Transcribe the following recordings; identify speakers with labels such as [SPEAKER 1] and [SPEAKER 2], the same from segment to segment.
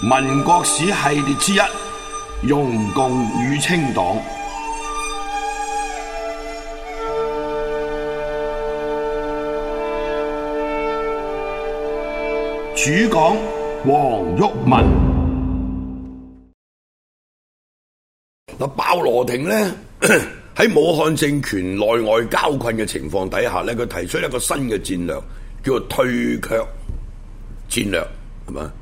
[SPEAKER 1] 民國史系列之一：容共與清黨，主講黃毓民。嗱，鮑羅廷呢？喺武漢政權內外交困嘅情況底下呢，佢提出一個新嘅戰略，叫做退卻戰略，係嘛？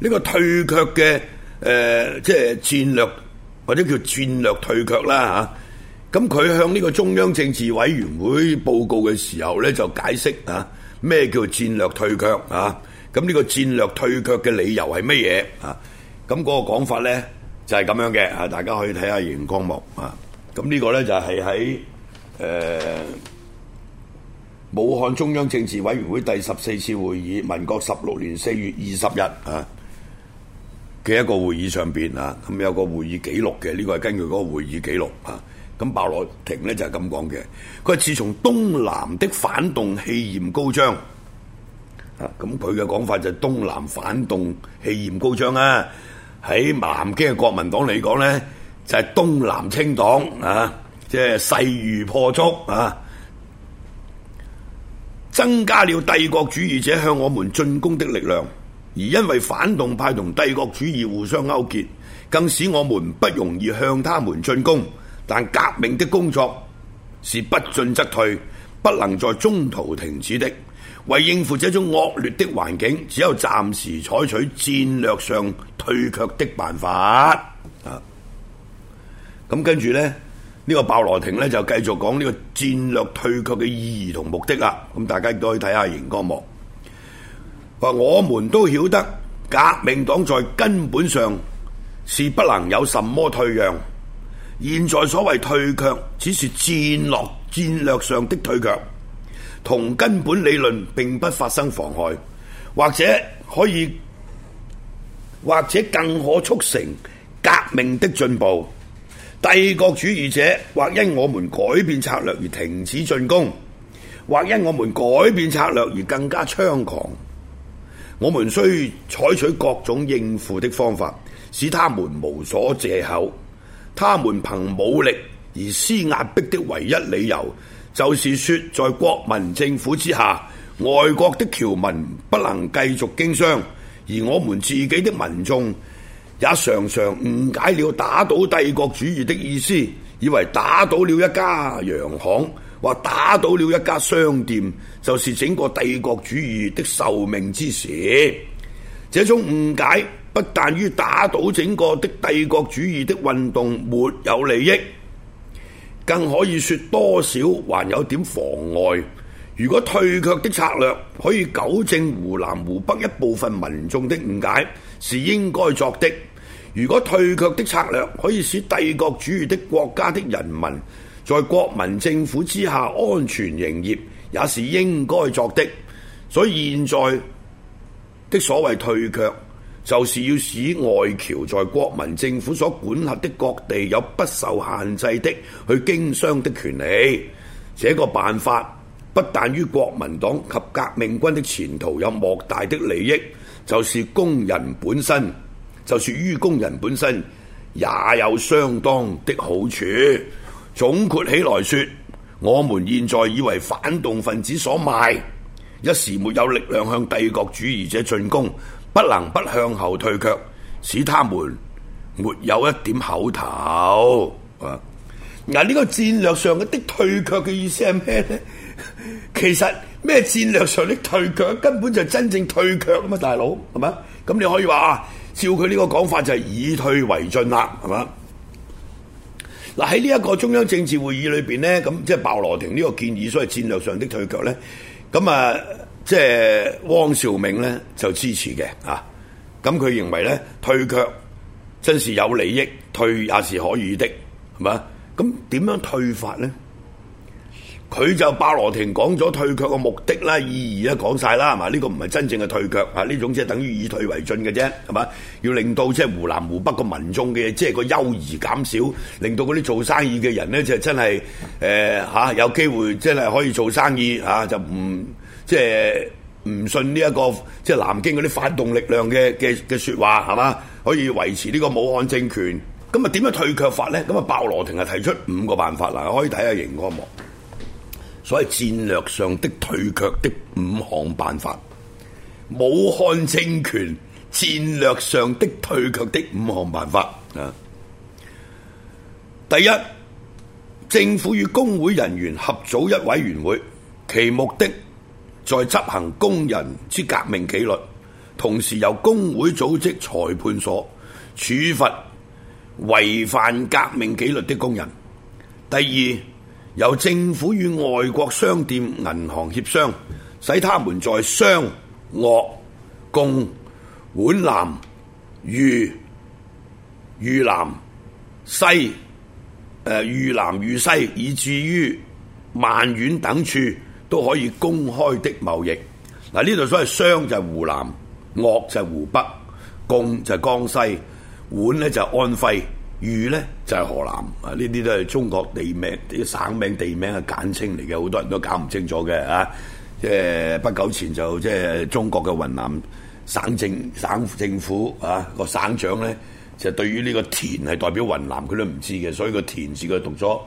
[SPEAKER 1] 呢個退卻嘅，誒、呃，即係戰略或者叫戰略退卻啦吓。咁、啊、佢向呢個中央政治委員會報告嘅時候呢，就解釋啊咩叫戰略退卻啊。咁、這、呢個戰略退卻嘅理由係乜嘢啊？咁、那、嗰個講法呢，就係、是、咁樣嘅啊。大家可以睇下熒光幕啊。咁、這、呢個呢，就係、是、喺、呃、武漢中央政治委員會第十四次會議，民國十六年四月二十日啊。嘅一個會議上邊啊，咁有個會議記錄嘅，呢、這個係根據嗰個會議記錄啊。咁鮑羅廷呢，就係咁講嘅，佢話：自從東南的反動氣焰高漲啊，咁佢嘅講法就係東南反動氣焰高漲啊。喺南京嘅國民黨嚟講呢就係、是、東南清黨啊，即、就、係、是、勢如破竹啊，增加了帝國主義者向我們進攻的力量。而因為反動派同帝國主義互相勾結，更使我們不容易向他們進攻。但革命的工作是不進則退，不能在中途停止的。為應付這種惡劣的環境，只有暫時採取戰略上退卻的辦法。啊，咁跟住呢，呢、這個鮑羅廷呢，就繼續講呢個戰略退卻嘅意義同目的啊。咁大家都可以睇下熒光幕。話我們都曉得，革命黨在根本上是不能有什麼退讓。現在所謂退卻，只是戰略戰略上的退卻，同根本理論並不發生妨害，或者可以，或者更可促成革命的進步。帝國主義者或因我們改變策略而停止進攻，或因我們改變策略而更加猖狂。我們需採取各種應付的方法，使他們無所藉口。他們憑武力而施壓迫的唯一理由，就是說在國民政府之下，外國的僑民不能繼續經商，而我們自己的民眾也常常誤解了打倒帝國主義的意思，以為打倒了一家洋行。話打倒了一家商店，就是整個帝國主義的壽命之時。這種誤解不但於打倒整個的帝國主義的運動沒有利益，更可以說多少還有點妨礙。如果退卻的策略可以糾正湖南湖北一部分民眾的誤解，是應該作的；如果退卻的策略可以使帝國主義的國家的人民，在國民政府之下安全營業也是應該作的，所以現在的所謂退卻，就是要使外僑在國民政府所管轄的各地有不受限制的去經商的權利。這個辦法不但於國民黨及革命軍的前途有莫大的利益，就是工人本身，就是於工人本身也有相當的好處。總括起來說，我們現在以為反動分子所賣，一時沒有力量向帝國主義者進攻，不能不向後退卻，使他們沒有一點口頭。嗱、啊，呢個戰略上嘅的退卻嘅意思係咩咧？其實咩戰略上嘅退卻，根本就真正退卻啊嘛，大佬係嘛？咁你可以話啊，照佢呢個講法就係以退為進啦，係嘛？喺呢一個中央政治會議裏邊咧，咁即係鮑羅廷呢個建議，所謂戰略上的退卻咧，咁啊，即係汪兆銘咧就支持嘅啊。咁佢認為咧，退卻真是有利益，退也是可以的，係嘛？咁點樣退法咧？佢就鮑羅廷講咗退卻嘅目的啦、意義啦講晒啦，係嘛？呢、這個唔係真正嘅退卻，啊呢種即係等於以退為進嘅啫，係嘛？要令到即係湖南、湖北嘅民眾嘅即係個猶疑減少，令到嗰啲做生意嘅人咧就真係誒嚇有機會即係可以做生意嚇、啊，就唔即係唔信呢、這、一個即係、就是、南京嗰啲反動力量嘅嘅嘅説話，係嘛？可以維持呢個武漢政權，咁啊點樣退卻法咧？咁啊鮑羅廷係提出五個辦法啦，可以睇下熒光幕。所謂戰略上的退卻的五項辦法，武漢政權戰略上的退卻的五項辦法啊。第一，政府與工會人員合組一委員會，其目的在執行工人之革命紀律，同時由工會組織裁判所處罰違反革命紀律的工人。第二。由政府與外國商店、銀行協商，使他們在湘、鄂、贛、皖南、豫、豫南、西、誒、呃、豫南豫西，以至於萬縣等處都可以公開的貿易。嗱，呢度所謂湘就係湖南，鄂就係湖北，贛就係江西，皖呢就係安徽。豫咧就係、是、河南啊，呢啲都係中國地名啲省名地名嘅簡稱嚟嘅，好多人都搞唔清楚嘅啊！即係不久前就即係、就是、中國嘅雲南省政省政府啊，個省長咧就對於呢個滇係代表雲南佢都唔知嘅，所以個滇字佢讀咗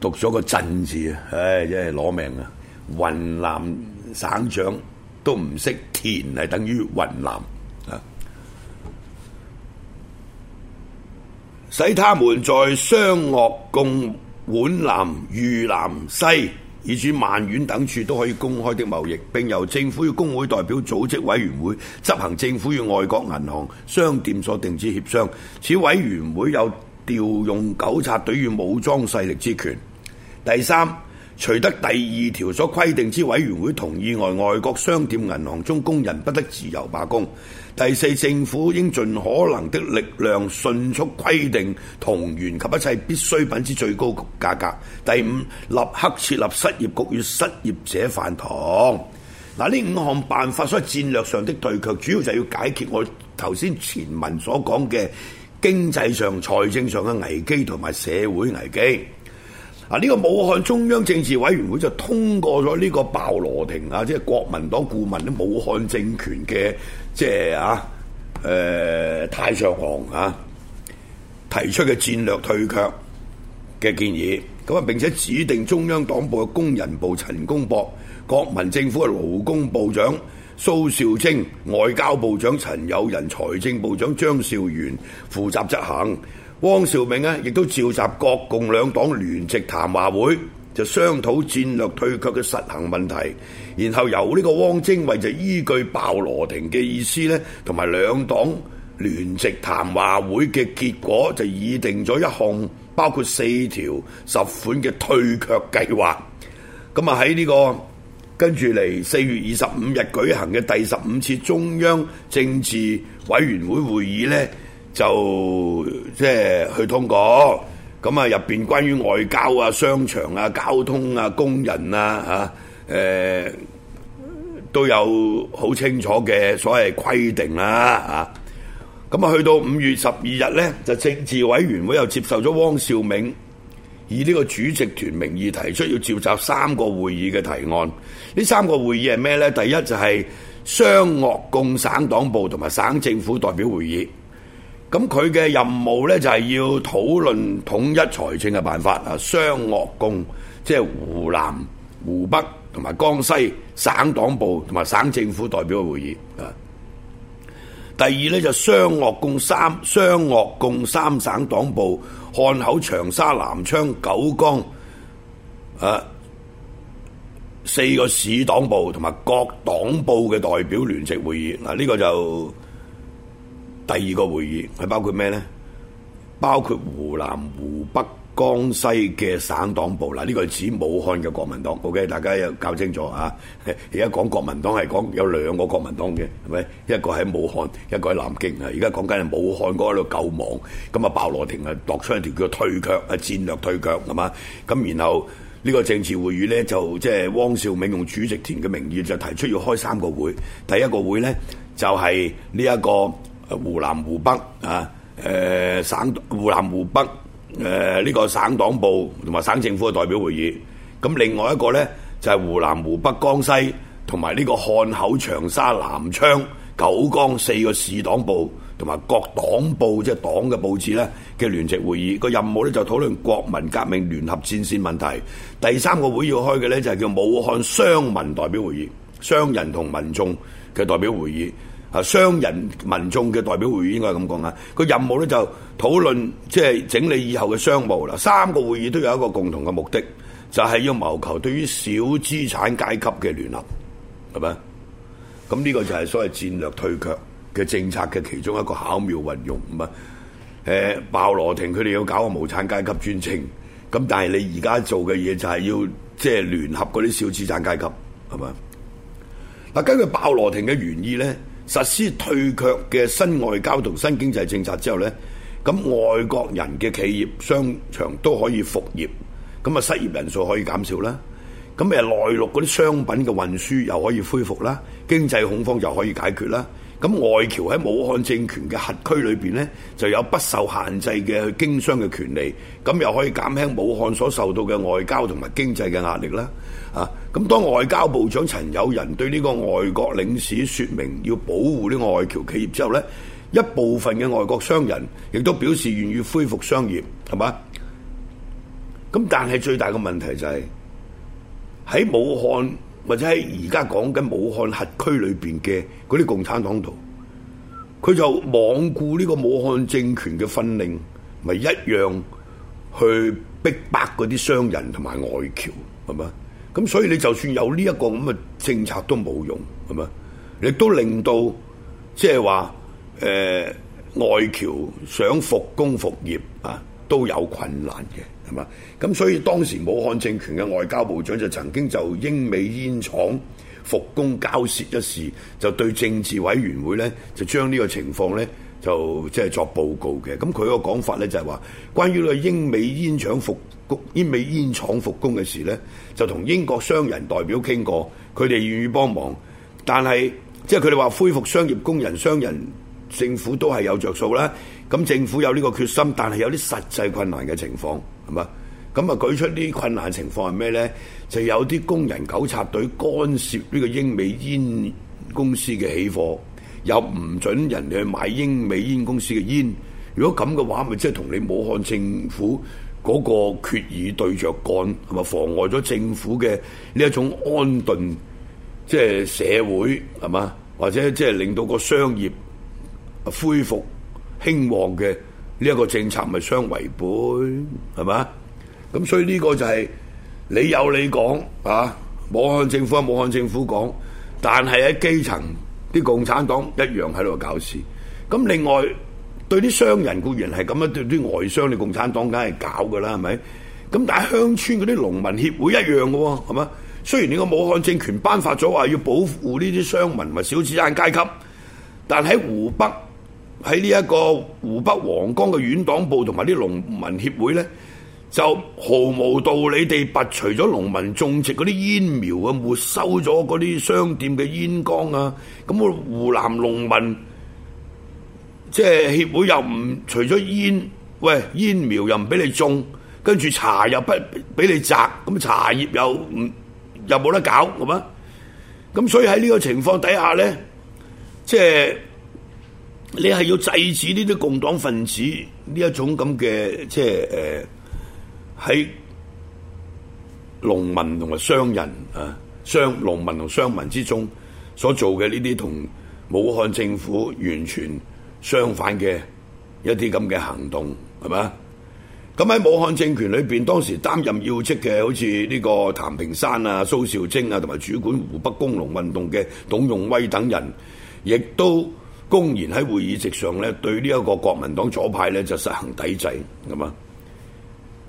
[SPEAKER 1] 讀咗個鎮字啊！唉、哎，真係攞命啊！雲南省長都唔識滇係等於雲南。使他們在湘鄂贛皖南、豫南、西以至萬縣等處都可以公開的貿易，並由政府與工會代表組織委員會執行政府與外國銀行、商店所定之協商。此委員會有調用糾察隊與武裝勢力之權。第三。除得第二條所規定之委員會同意外，外國商店銀行中工人不得自由罷工。第四，政府應盡可能的力量迅速規定銅元及一切必需品之最高價格。第五，立刻設立失業局與失業者飯堂。嗱，呢五項辦法，所以戰略上的退卻，主要就係要解決我頭先前文所講嘅經濟上、財政上嘅危機同埋社會危機。啊！呢個武漢中央政治委員會就通過咗呢個鮑羅廷啊，即係國民黨顧問、武漢政權嘅即係啊，誒、呃、太上皇啊，提出嘅戰略退卻嘅建議。咁啊，並且指定中央黨部嘅工人部陳公博、國民政府嘅勞工部長蘇兆征、外交部長陳友仁、財政部長張少元負責執行。汪兆銘咧，亦都召集國共兩黨聯席談話會，就商討戰略退卻嘅實行問題。然後由呢個汪精衛就依據鮑羅廷嘅意思咧，同埋兩黨聯席談話會嘅結果，就擬定咗一項包括四條十款嘅退卻計劃。咁啊喺呢個跟住嚟四月二十五日舉行嘅第十五次中央政治委員會會議呢。就即係去通過，咁啊入邊關於外交啊、商場啊、交通啊、工人啊嚇，誒都有好清楚嘅所謂規定啦嚇。咁啊，去到五月十二日呢，就政治委員會又接受咗汪兆銘以呢個主席團名義提出要召集三個會議嘅提案。呢三個會議係咩呢？第一就係湘鄂贛省黨部同埋省政府代表會議。咁佢嘅任務呢，就係、是、要討論統一財政嘅辦法啊，湘鄂贛即係湖南、湖北同埋江西省黨部同埋省政府代表嘅會議啊。第二呢，就湘、是、鄂贛三湘鄂贛三省黨部、漢口、長沙、南昌、九江啊四個市黨部同埋各黨部嘅代表聯席會議啊，呢、這個就。第二個會議，佢包括咩呢？包括湖南、湖北、江西嘅省黨部嗱，呢、啊這個係指武漢嘅國民黨。OK，大家有搞清楚啊？而家講國民黨係講有兩個國民黨嘅，係咪？一個喺武漢，一個喺南京啊！而家講緊係武漢嗰度救亡，咁啊，鮑羅廷啊，度出一條叫退卻啊，戰略退卻係嘛？咁、啊、然後呢、這個政治會議呢，就即係、就是、汪兆銘用主席團嘅名義就提出要開三個會。第一個會呢，就係呢一個。湖南湖北啊，誒、呃、省湖南湖北誒呢、呃這個省黨部同埋省政府嘅代表會議，咁另外一個呢，就係、是、湖南湖北江西同埋呢個漢口長沙、南昌、九江四個市黨部同埋各黨部即係黨嘅佈置呢嘅聯席會議，個任務呢，就討論國民革命聯合戰線問題。第三個會要開嘅呢，就係叫武漢商民代表會議，商人同民眾嘅代表會議。商人、民眾嘅代表會議應該係咁講啊！個任務咧就討論即係整理以後嘅商務啦。三個會議都有一個共同嘅目的，就係要謀求對於小資產階級嘅聯合，係咪啊？咁呢個就係所謂戰略退卻嘅政策嘅其中一個巧妙運用啊！誒，鮑羅廷佢哋要搞個無產階級專政，咁但係你而家做嘅嘢就係要即係聯合嗰啲小資產階級，係咪啊？嗱，根據鮑羅廷嘅原意咧。實施退卻嘅新外交同新經濟政策之後呢，咁外國人嘅企業商場都可以復業，咁啊失業人數可以減少啦。咁誒內陸嗰啲商品嘅運輸又可以恢復啦，經濟恐慌就可以解決啦。咁外僑喺武漢政權嘅轄區裏邊呢，就有不受限制嘅去經商嘅權利，咁又可以減輕武漢所受到嘅外交同埋經濟嘅壓力啦。啊！咁當外交部長陳友仁對呢個外國領事說明要保護啲外僑企業之後呢，一部分嘅外國商人亦都表示願意恢復商業，係嘛？咁但係最大嘅問題就係、是、喺武漢或者喺而家講緊武漢轄區裏邊嘅嗰啲共產黨徒，佢就罔顧呢個武漢政權嘅訓令，咪、就是、一樣去逼迫嗰啲商人同埋外僑，係嘛？咁所以你就算有呢一個咁嘅政策都冇用，係嘛？亦都令到即係話，誒、呃、外僑想復工復業啊，都有困難嘅，係嘛？咁所以當時武漢政權嘅外交部長就曾經就英美煙廠復工交涉一事，就對政治委員會咧，就將呢個情況咧，就即係作報告嘅。咁佢個講法咧就係話，關於呢個英美煙廠復。英美煙廠復工嘅事呢，就同英國商人代表傾過，佢哋願意幫忙。但係即係佢哋話恢復商業，工人商人政府都係有着數啦。咁政府有呢個決心，但係有啲實際困難嘅情況係嘛？咁啊舉出啲困難情況係咩呢？就有啲工人糾察隊干涉呢個英美煙公司嘅起貨，又唔準人哋去買英美煙公司嘅煙。如果咁嘅話，咪即係同你武漢政府。嗰個決議對著幹，係咪妨礙咗政府嘅呢一種安頓？即係社會係嘛？或者即係令到個商業恢復興旺嘅呢一個政策，咪相違背係嘛？咁所以呢個就係、是、你有你講啊，武漢政府啊，武漢政府講，但係喺基層啲共產黨一樣喺度搞事。咁另外。對啲商人固然係咁樣，對啲外商，你共產黨梗係搞噶啦，係咪？咁但係鄉村嗰啲農民協會一樣噶喎，係咪？雖然你個武漢政權頒發咗話要保護呢啲商民同埋小資產階級，但喺湖北喺呢一個湖北黃岡嘅縣黨部同埋啲農民協會咧，就毫無道理地拔除咗農民種植嗰啲煙苗啊，沒收咗嗰啲商店嘅煙缸啊，咁個湖南農民。即係協會又唔除咗煙，喂煙苗又唔俾你種，跟住茶又不俾你摘，咁茶葉又唔又冇得搞，係咪？咁所以喺呢個情況底下咧，即係你係要制止呢啲共黨分子呢一種咁嘅即係誒喺農民同埋商人啊商農民同商民之中所做嘅呢啲同武漢政府完全。相反嘅一啲咁嘅行動係嘛？咁喺武漢政權裏邊，當時擔任要職嘅好似呢個譚平山啊、蘇兆徵啊，同埋主管湖北工農運動嘅董用威等人，亦都公然喺會議席上咧對呢一個國民黨左派咧就實行抵制咁啊！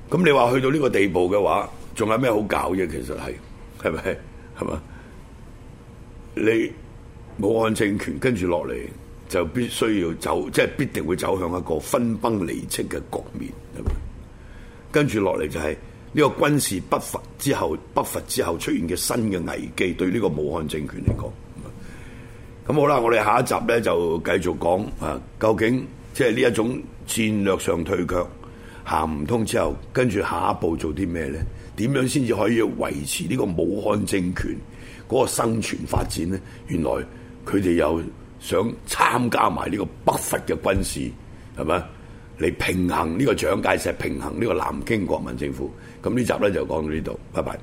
[SPEAKER 1] 咁你話去到呢個地步嘅話，仲有咩好搞嘅？其實係係咪係嘛？你武漢政權跟住落嚟。就必須要走，即係必定會走向一個分崩離析嘅局面。咁，跟住落嚟就係呢個軍事北伐之後，北伐之後出現嘅新嘅危機，對呢個武漢政權嚟講。咁好啦，我哋下一集呢，就繼續講啊，究竟即係呢一種戰略上退卻行唔通之後，跟住下一步做啲咩呢？點樣先至可以維持呢個武漢政權嗰個生存發展呢？原來佢哋有。想參加埋呢個北伐嘅軍事，係咪？嚟平衡呢個蔣介石，平衡呢個南京國民政府。咁呢集呢，就講到呢度，拜拜。